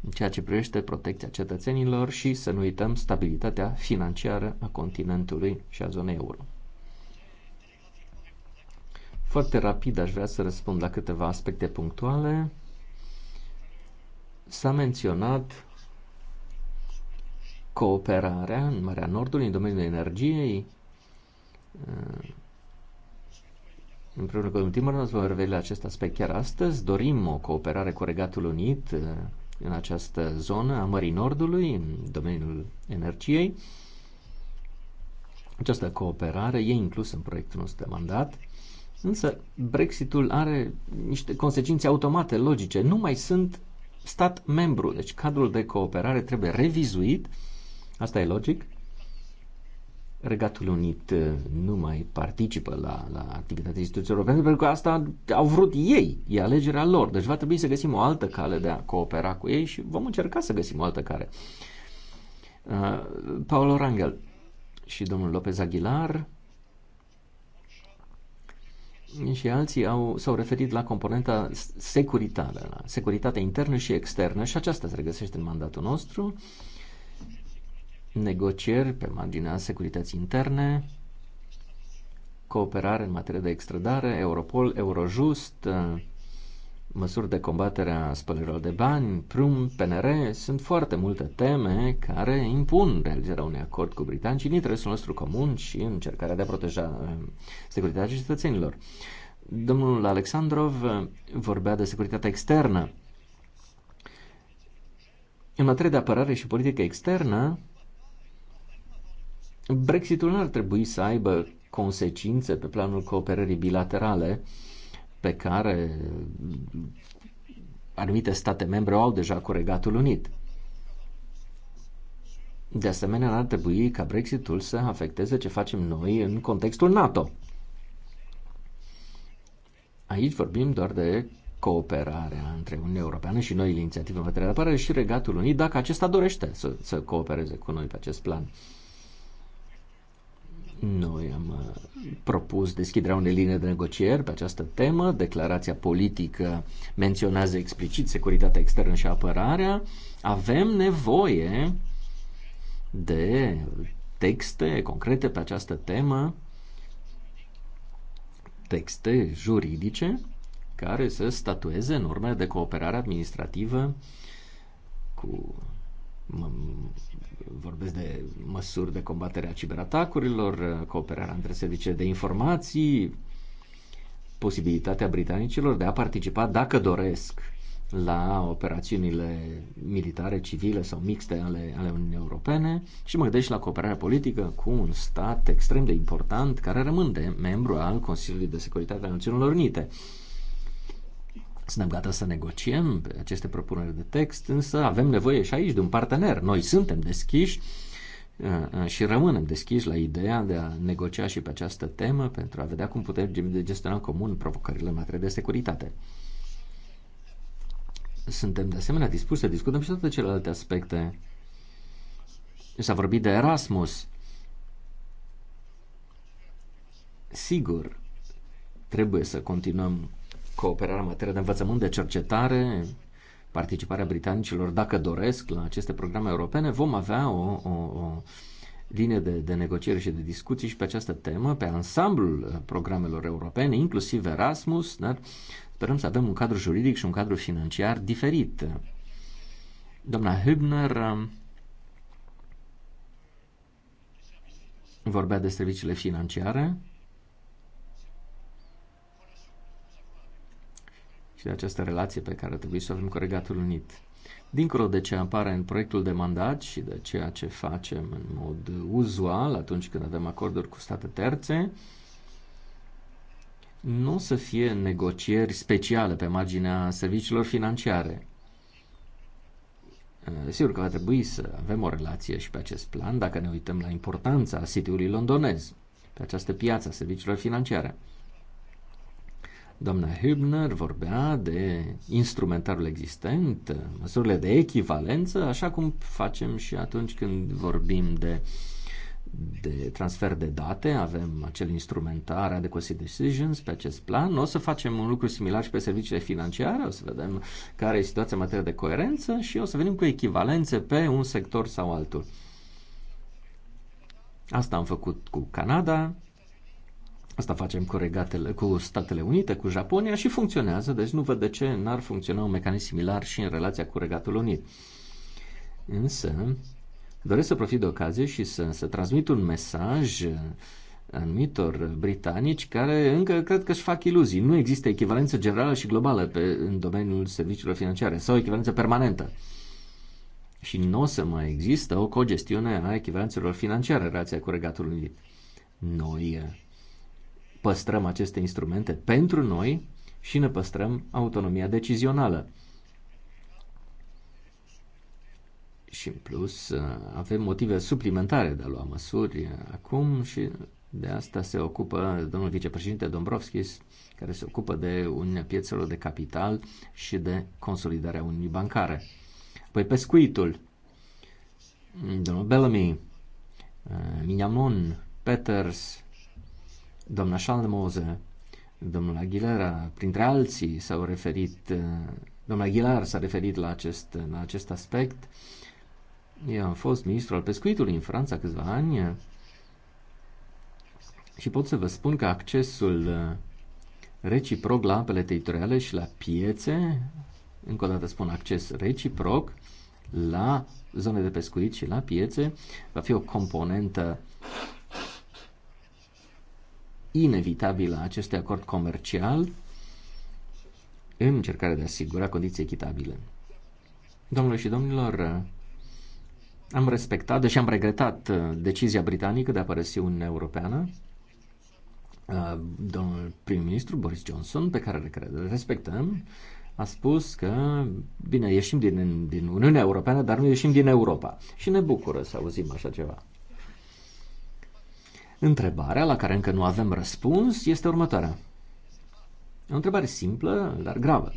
în ceea ce privește protecția cetățenilor și să nu uităm stabilitatea financiară a continentului și a zonei euro. Foarte rapid aș vrea să răspund la câteva aspecte punctuale. S-a menționat cooperarea în Marea Nordului, în domeniul energiei. Uh, împreună cu Timmermans vom reveli la acest aspect chiar astăzi. Dorim o cooperare cu Regatul Unit uh, în această zonă a Mării Nordului, în domeniul energiei. Această cooperare e inclusă în proiectul nostru de mandat. Însă Brexitul are niște consecințe automate, logice. Nu mai sunt stat membru, deci cadrul de cooperare trebuie revizuit. Asta e logic. Regatul Unit uh, nu mai participă la, la activitatea instituțiilor europene pentru că asta au vrut ei, e alegerea lor. Deci va trebui să găsim o altă cale de a coopera cu ei și vom încerca să găsim o altă cale. Uh, Paolo Rangel și domnul Lopez Aguilar și alții au, s-au referit la componenta securitară, la securitatea internă și externă și aceasta se regăsește în mandatul nostru. Negocieri pe marginea securității interne, cooperare în materie de extradare, Europol, Eurojust, măsuri de combatere a spălărilor de bani, prum, PNR, sunt foarte multe teme care impun realizarea unui acord cu britanicii în interesul nostru comun și în încercarea de a proteja eh, securitatea cetățenilor. Domnul Alexandrov eh, vorbea de securitatea externă. În materie de apărare și politică externă, Brexitul nu ar trebui să aibă consecințe pe planul cooperării bilaterale, pe care anumite state membre o au deja cu Regatul Unit. De asemenea, ar trebui ca Brexitul să afecteze ce facem noi în contextul NATO. Aici vorbim doar de cooperarea între Uniunea Europeană și noi, inițiative în materie de apărare și Regatul Unit, dacă acesta dorește să, să coopereze cu noi pe acest plan. Uh, noi am uh, propus deschiderea unei linii de negocieri pe această temă. Declarația politică menționează explicit securitatea externă și apărarea. Avem nevoie de texte concrete pe această temă, texte juridice care să statueze norme de cooperare administrativă cu vorbesc de măsuri de combatere a ciberatacurilor, uh, cooperarea între servicii de informații, posibilitatea britanicilor de a participa, dacă doresc, la operațiunile militare, civile sau mixte ale, ale Uniunii Europene și mă gândesc la cooperarea politică cu un stat extrem de important care rămâne membru al Consiliului de Securitate al Națiunilor Unite. Uh, suntem gata să negociem aceste propuneri de text, însă avem nevoie și aici de un partener. Noi suntem deschiși uh, uh, și rămânem deschiși la ideea de a negocia și pe această temă pentru a vedea cum putem gestiona în comun provocările în materie de securitate. Suntem de asemenea dispuși să discutăm și toate celelalte aspecte. S-a vorbit de Erasmus. Sigur, trebuie să continuăm cooperarea în materie de învățământ, de cercetare, participarea britanicilor, dacă doresc, la aceste programe europene, vom avea o, o, o linie de, de negociere și de discuții și pe această temă, pe ansamblul programelor europene, inclusiv Erasmus, dar sperăm să avem un cadru juridic și un cadru financiar diferit. Doamna Hübner um, vorbea de serviciile financiare. și această relație pe care trebuie să o avem cu Regatul Unit. Dincolo de ce apare în proiectul de mandat și de ceea ce facem în mod uzual atunci când avem acorduri cu state terțe, nu o să fie negocieri speciale pe marginea serviciilor financiare. Eh, sigur că va trebui să avem o relație și pe acest plan dacă ne uităm la importanța City-ului londonez, pe această piață a serviciilor financiare. Doamna Hübner vorbea de instrumentarul existent, măsurile de echivalență, așa cum facem și atunci când vorbim de, de transfer de date, avem acel instrumentar adequacy decisions pe acest plan. O să facem un lucru similar și pe serviciile financiare, o să vedem care e situația în materie de coerență și o să venim cu echivalențe pe un sector sau altul. Asta am făcut cu Canada, Asta facem cu, regatele, cu Statele Unite, cu Japonia și funcționează, deci nu văd de ce n-ar funcționa un mecanism similar și în relația cu Regatul Unit. Însă, doresc să profit de ocazie și să, să transmit un mesaj anumitor britanici care încă cred că își fac iluzii. Nu există echivalență generală și globală pe, în domeniul serviciilor financiare sau echivalență permanentă. Și nu o să mai există o cogestiune a echivalențelor financiare în relația cu Regatul Unit. Noi păstrăm aceste instrumente pentru noi și ne păstrăm autonomia decizională. Și în plus uh, avem motive suplimentare de a lua măsuri acum și de asta se ocupă domnul vicepreședinte Dombrovskis, care se ocupă de Uniunea Piețelor de Capital și de consolidarea Uniunii Bancare. Păi pescuitul, domnul Bellamy, uh, Minamon, Peters, Doamna Schaldemose, domnul Aguilera, printre alții s-au referit, eh, domnul Aguilar s-a referit la acest, la acest aspect. Eu am fost ministru al pescuitului în Franța câțiva ani eh, și pot să vă spun că accesul eh, reciproc la apele teritoriale și la piețe, încă o dată spun acces reciproc, la zone de pescuit și la piețe, va fi o componentă inevitabilă a acestui acord comercial în încercarea de a asigura condiții echitabile. Domnilor și domnilor, am respectat, deși am regretat uh, decizia britanică de a părăsi Uniunea Europeană, uh, domnul prim-ministru Boris Johnson, pe care îl respectăm, a spus că, bine, ieșim din, din Uniunea Europeană, dar nu ieșim din Europa. Și ne bucură să auzim așa ceva. Întrebarea la care încă nu avem răspuns este următoarea. E o întrebare simplă, dar gravă.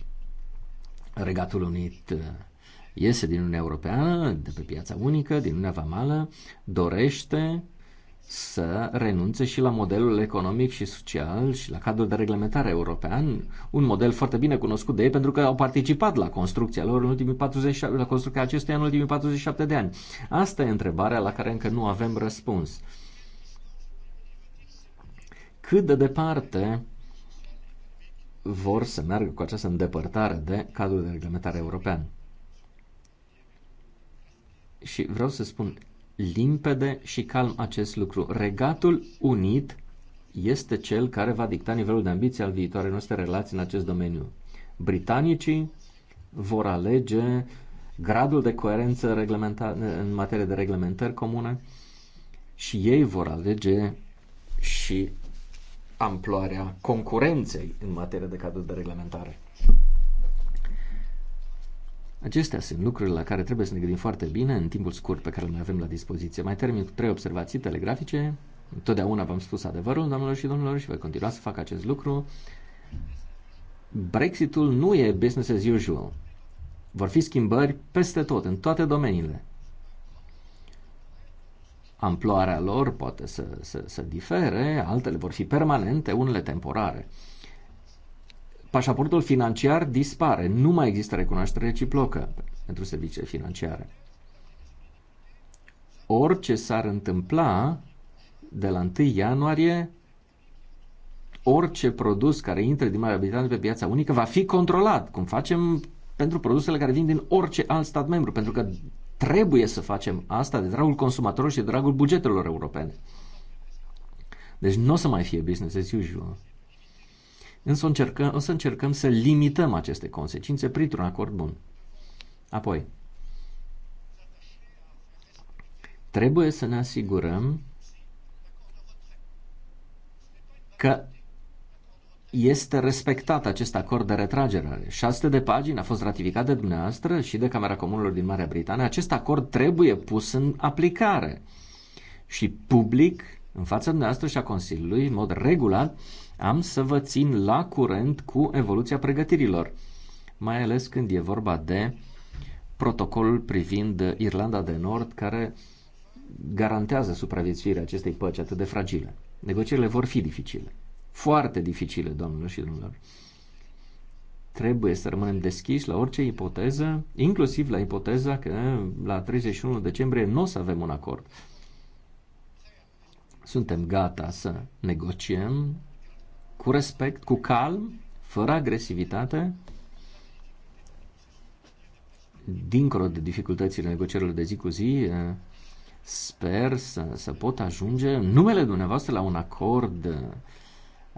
Regatul Unit uh, iese din Uniunea Europeană, de pe piața unică, din Uniunea Vamală, dorește să renunțe și la modelul economic și social și la cadrul de reglementare european, un model foarte bine cunoscut de ei pentru că au participat la construcția lor în ultimii 47, la construcția acestuia în ultimii 47 de ani. Asta e întrebarea la care încă nu avem răspuns cât de departe vor să meargă cu această îndepărtare de cadrul de reglementare european. Și vreau să spun limpede și calm acest lucru. Regatul unit este cel care va dicta nivelul de ambiție al viitoarei noastre relații în acest domeniu. Britanicii vor alege gradul de coerență în materie de reglementări comune și ei vor alege și amploarea concurenței în materie de cadru de reglementare. Acestea sunt lucrurile la care trebuie să ne gândim foarte bine în timpul scurt pe care îl mai avem la dispoziție. Mai termin cu trei observații telegrafice. Totdeauna v-am spus adevărul, doamnelor și domnilor, și voi continua să fac acest lucru. Brexitul nu e business as usual. Vor fi schimbări peste tot, în toate domeniile. Amploarea lor poate să, să, să difere, altele vor fi permanente, unele temporare. Pașaportul financiar dispare, nu mai există recunoaștere reciprocă pentru serviciile financiare. Orice s-ar întâmpla de la 1 ianuarie, orice produs care intră din Marea Britanie pe piața unică va fi controlat, cum facem pentru produsele care vin din orice alt stat membru, pentru că Trebuie să facem asta de dragul consumatorilor și de dragul bugetelor europene. Deci nu o să mai fie business as usual. Însă o, încercăm, o să încercăm să limităm aceste consecințe printr-un acord bun. Apoi, trebuie să ne asigurăm că este respectat acest acord de retragere. 600 de pagini a fost ratificat de dumneavoastră și de Camera Comunilor din Marea Britanie. Acest acord trebuie pus în aplicare. Și public, în fața dumneavoastră și a Consiliului, în mod regulat, am să vă țin la curent cu evoluția pregătirilor. Mai ales când e vorba de protocolul privind Irlanda de Nord, care garantează supraviețuirea acestei păci atât de fragile. Negocierile vor fi dificile foarte dificile, doamnelor și domnilor. Trebuie să rămânem deschiși la orice ipoteză, inclusiv la ipoteza că la 31 decembrie nu o să avem un acord. Suntem gata să negociem cu respect, cu calm, fără agresivitate, dincolo de dificultățile negocierilor de zi cu zi, eh, sper să, să pot ajunge numele dumneavoastră la un acord eh,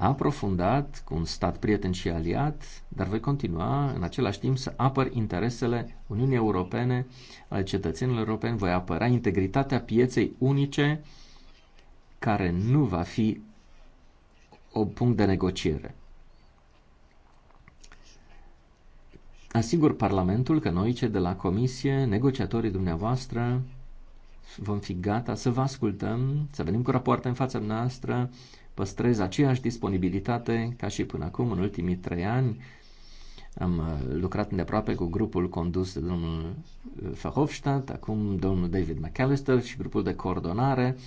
aprofundat cu un stat prieten și aliat, dar voi continua în același timp să apăr interesele Uniunii Europene, ale cetățenilor europeni, voi apăra integritatea pieței unice, care nu va fi o punct de negociere. Asigur Parlamentul că noi, cei de la Comisie, negociatorii dumneavoastră, vom fi gata să vă ascultăm, să venim cu rapoarte în fața noastră, păstrez aceeași disponibilitate ca și până acum, în ultimii trei ani. Am uh, lucrat îndeaproape cu grupul condus de domnul uh, Verhofstadt, acum domnul David McAllister și grupul de coordonare.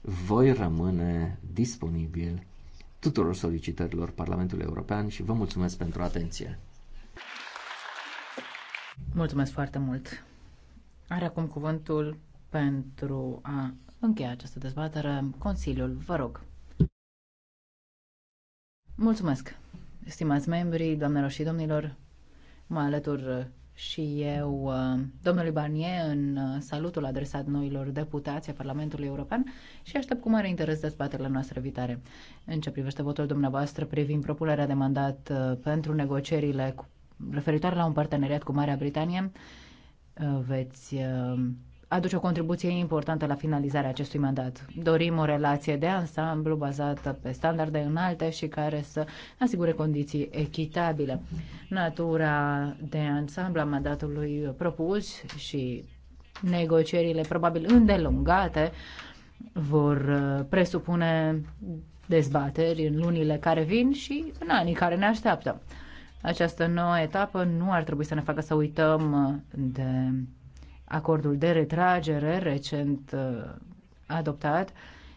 Voi rămâne disponibil tuturor solicitărilor Parlamentului European și vă mulțumesc pentru atenție. Mulțumesc foarte mult. Are acum cuvântul pentru a încheia această dezbatere. Consiliul, vă rog. Mulțumesc, stimați membrii, doamnelor și domnilor. Mă alătur și eu uh, domnului Barnier în uh, salutul adresat noilor deputați a Parlamentului European și aștept cu mare interes dezbaterile noastre viitoare. În ce privește votul dumneavoastră privind propunerea de mandat uh, pentru negocierile referitoare la un parteneriat cu Marea Britanie, veți aduce o contribuție importantă la finalizarea acestui mandat. Dorim o relație de ansamblu bazată pe standarde înalte și care să asigure condiții echitabile. Natura de ansamblu a mandatului propus și negocierile probabil îndelungate vor uh, presupune dezbateri în lunile care vin și în anii care ne așteaptă. Această nouă etapă nu ar trebui să ne facă să uităm uh, de acordul de retragere recent uh, adoptat.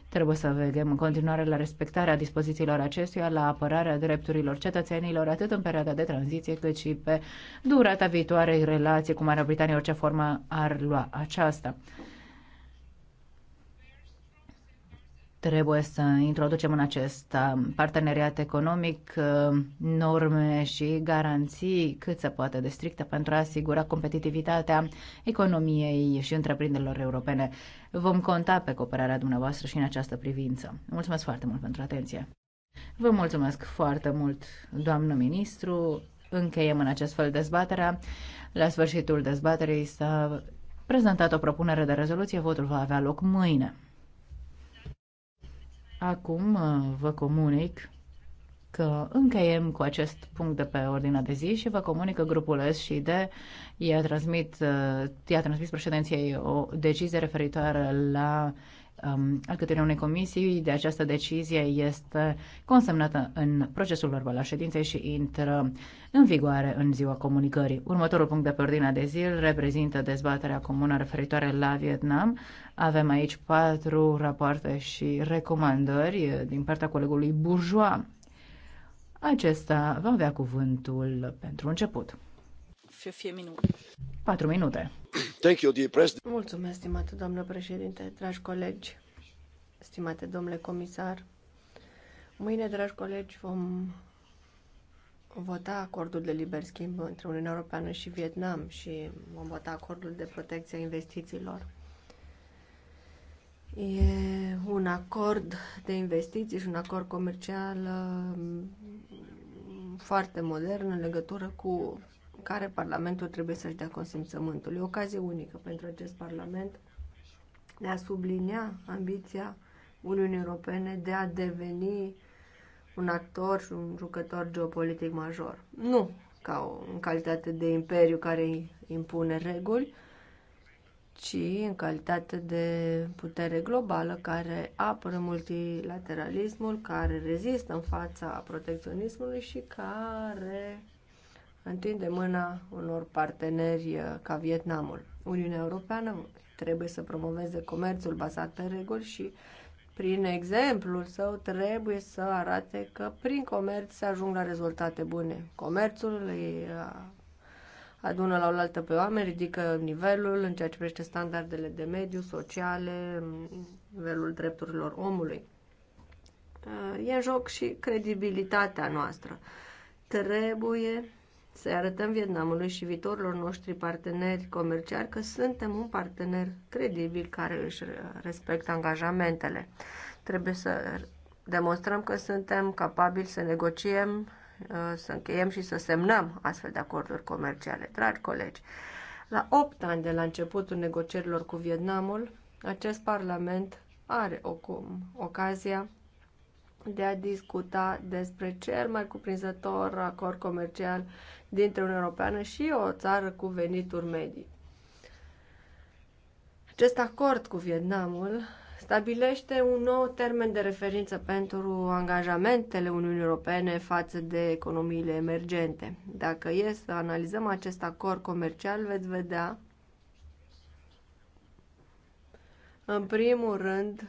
Trebuie să vegem în continuare la respectarea dispozițiilor acestuia, la apărarea drepturilor cetățenilor, atât în perioada de tranziție, cât și pe durata viitoarei relații cu Marea Britanie, orice formă ar lua aceasta. Trebuie să introducem în acest um, parteneriat economic um, norme și garanții cât se poate de stricte pentru a asigura competitivitatea economiei și întreprinderilor europene. Vom conta pe cooperarea dumneavoastră și în această privință. Mulțumesc foarte mult pentru atenție. Vă mulțumesc foarte mult, doamnă ministru. Încheiem în acest fel dezbaterea. La sfârșitul dezbaterii s-a prezentat o propunere de rezoluție. Votul va avea loc mâine. Acum uh, vă comunic că încheiem cu acest punct de pe ordinea de zi și vă comunică grupul S și D. I-a transmit, uh, i-a transmis președinției o decizie referitoare la um, alcătuirea unei comisii de această decizie este consemnată în procesul verbal al ședinței și intră în vigoare în ziua comunicării. Următorul punct de pe ordinea de zi reprezintă dezbaterea comună referitoare la Vietnam. Avem aici patru rapoarte și recomandări din partea colegului Bourgeois. Acesta va avea cuvântul pentru început. 4 minute. Thank you, dear president. Mulțumesc, stimată doamnă președinte, dragi colegi, stimate domnule comisar. Mâine, dragi colegi, vom vota acordul de liber schimb între Uniunea Europeană și Vietnam și vom vota acordul de protecție a investițiilor. E un acord de investiții și un acord comercial mm, foarte modern în legătură cu care Parlamentul trebuie să-și dea consimțământul. E o ocazie unică pentru acest Parlament de a sublinia ambiția Uniunii Europene de a deveni un actor și un jucător geopolitic major. Nu ca o, în calitate de imperiu care impune reguli, ci în calitate de putere globală care apără multilateralismul, care rezistă în fața protecționismului și care întinde mâna unor parteneri uh, ca Vietnamul. Uniunea Europeană trebuie să promoveze comerțul bazat pe reguli și prin exemplul său trebuie să arate că prin comerț se ajung la rezultate bune. Comerțul îi uh, adună la oaltă pe oameni, ridică nivelul în ceea ce privește standardele de mediu, sociale, nivelul drepturilor omului. Uh, e în joc și credibilitatea noastră. Trebuie să arătăm Vietnamului și viitorilor noștri parteneri comerciali că suntem un partener credibil care își respectă angajamentele. Trebuie să demonstrăm că suntem capabili să negociem, uh, să încheiem și să semnăm astfel de acorduri comerciale. Dragi colegi, la 8 ani de la începutul negocierilor cu Vietnamul, acest Parlament are acum ocazia de a discuta despre cel mai cuprinzător acord comercial dintre Uniunea Europeană și o țară cu venituri medii. Acest acord cu Vietnamul stabilește un nou termen de referință pentru angajamentele Uniunii Europene față de economiile emergente. Dacă e să analizăm acest acord comercial, veți vedea, în primul rând,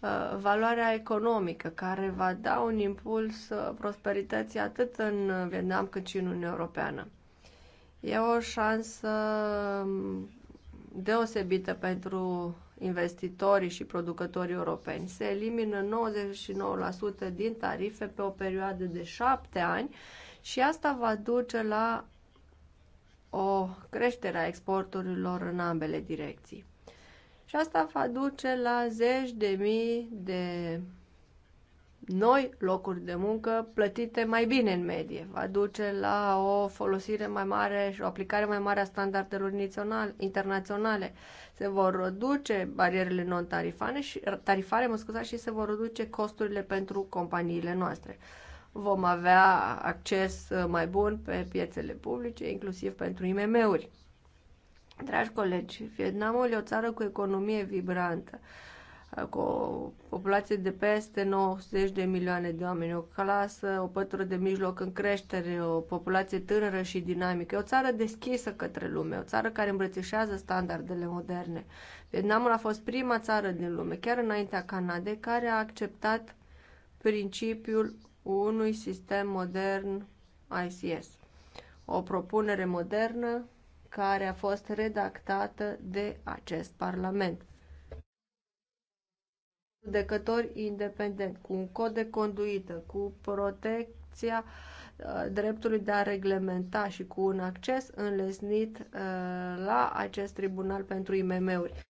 Uh, valoarea economică care va da un impuls uh, prosperității atât în Vietnam cât și în Uniunea Europeană. E o șansă um, deosebită pentru investitorii și producătorii europeni. Se elimină 99% din tarife pe o perioadă de șapte ani și asta va duce la o creștere a exporturilor în ambele direcții. Și asta va duce la zeci de mii de noi locuri de muncă plătite mai bine în medie. Va duce la o folosire mai mare și o aplicare mai mare a standardelor internaționale. Se vor reduce barierele non-tarifare și, tarifare, mă scuza, și se vor reduce costurile pentru companiile noastre. Vom avea acces mai bun pe piețele publice, inclusiv pentru IMM-uri. Dragi colegi, Vietnamul e o țară cu economie vibrantă, cu o populație de peste 90 de milioane de oameni, o clasă, o pătură de mijloc în creștere, o populație tânără și dinamică. E o țară deschisă către lume, o țară care îmbrățișează standardele moderne. Vietnamul a fost prima țară din lume, chiar înaintea Canadei, care a acceptat principiul unui sistem modern ICS. O propunere modernă care a fost redactată de acest Parlament. Judecători independent, cu un cod de conduită, cu protecția uh, dreptului de a reglementa și cu un acces înlesnit uh, la acest tribunal pentru IMM-uri.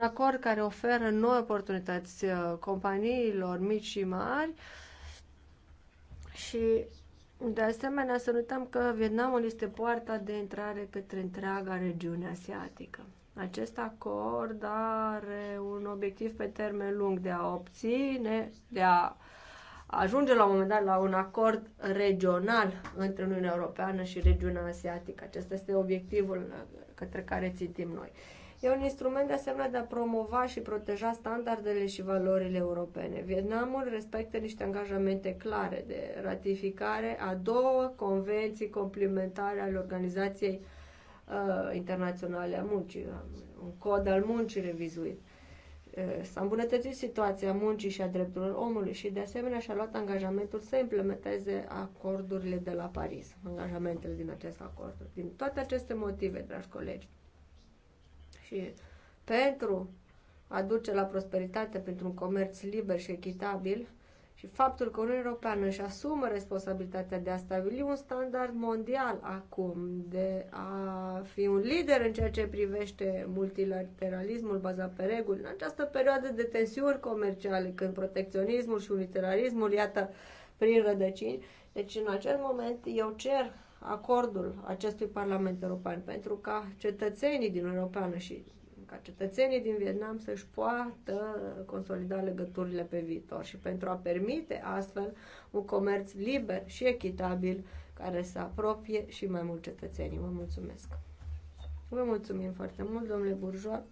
Un acord care oferă noi oportunități uh, companiilor mici și mari și de asemenea, să nu uităm că Vietnamul este poarta de intrare către întreaga regiune asiatică. Acest acord are un obiectiv pe termen lung de a obține, de a ajunge la un moment dat la un acord regional între Uniunea Europeană și regiunea asiatică. Acesta este obiectivul către care țintim noi. E un instrument de asemenea de a promova și proteja standardele și valorile europene. Vietnamul respectă niște angajamente clare de ratificare a două convenții complementare ale Organizației uh, Internaționale a Muncii, un cod al muncii revizuit. Uh, s-a îmbunătățit situația muncii și a drepturilor omului și, de asemenea, și-a luat angajamentul să implementeze acordurile de la Paris, angajamentele din acest acord. Din toate aceste motive, dragi colegi, și pentru a duce la prosperitate pentru un comerț liber și echitabil și faptul că Uniunea Europeană își asumă responsabilitatea de a stabili un standard mondial acum, de a fi un lider în ceea ce privește multilateralismul bazat pe reguli, în această perioadă de tensiuni comerciale, când protecționismul și unilateralismul, iată, prin rădăcini. Deci, în acel moment, eu cer acordul acestui Parlament European pentru ca cetățenii din Europeană și ca cetățenii din Vietnam să-și poată consolida legăturile pe viitor și pentru a permite astfel un comerț liber și echitabil care să apropie și mai mult cetățenii. Vă mulțumesc! Vă mulțumim foarte mult, domnule Burjoa.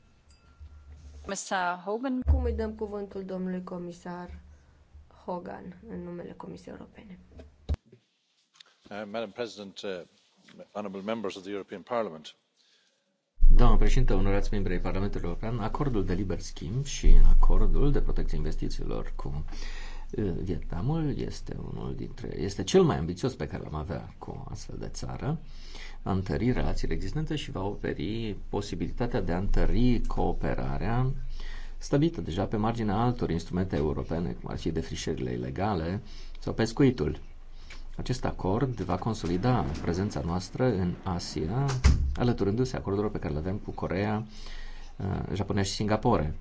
Hogan. Cum îi dăm cuvântul domnului comisar Hogan în numele Comisiei Europene? Uh, uh, Doamnă președintă, onorați membri ai Parlamentului European, acordul de liber schimb și acordul de protecție investițiilor cu uh, Vietnamul este unul dintre, este cel mai ambițios pe care l-am avea cu o astfel de țară. Va întări relațiile existente și va oferi posibilitatea de a întări cooperarea stabilită deja pe marginea altor instrumente europene, cum ar fi defrișările ilegale sau pescuitul. Acest acord va consolida prezența noastră în Asia, alăturându-se acordurilor pe care le avem cu Corea, eh, Japonia și Singapore.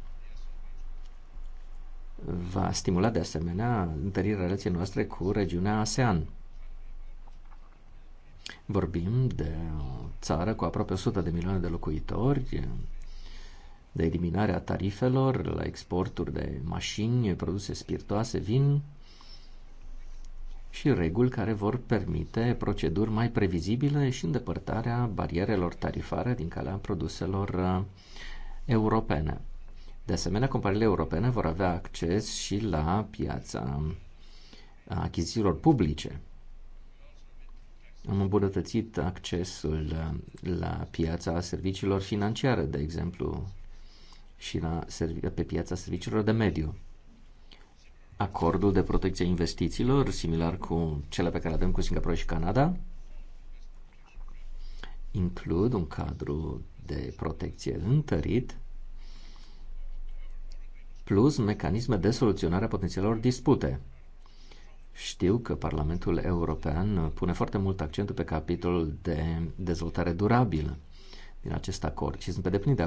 Va stimula de asemenea întărirea relației noastre cu regiunea ASEAN. Vorbim de o țară cu aproape 100 de milioane de locuitori, de eliminarea tarifelor la exporturi de mașini, produse spiritoase, vin, și reguli care vor permite proceduri mai previzibile și îndepărtarea barierelor tarifare din calea produselor uh, europene. De asemenea, companiile europene vor avea acces și la piața uh, achizițiilor publice. Am îmbunătățit accesul uh, la piața serviciilor financiare, de exemplu, și la, pe piața serviciilor de mediu acordul de protecție a investițiilor, similar cu cele pe care le avem cu Singapore și Canada, includ un cadru de protecție întărit, plus mecanisme de soluționare a potențialelor dispute. Știu că Parlamentul European pune foarte mult accentul pe capitolul de dezvoltare durabilă din acest acord și sunt pe deplin de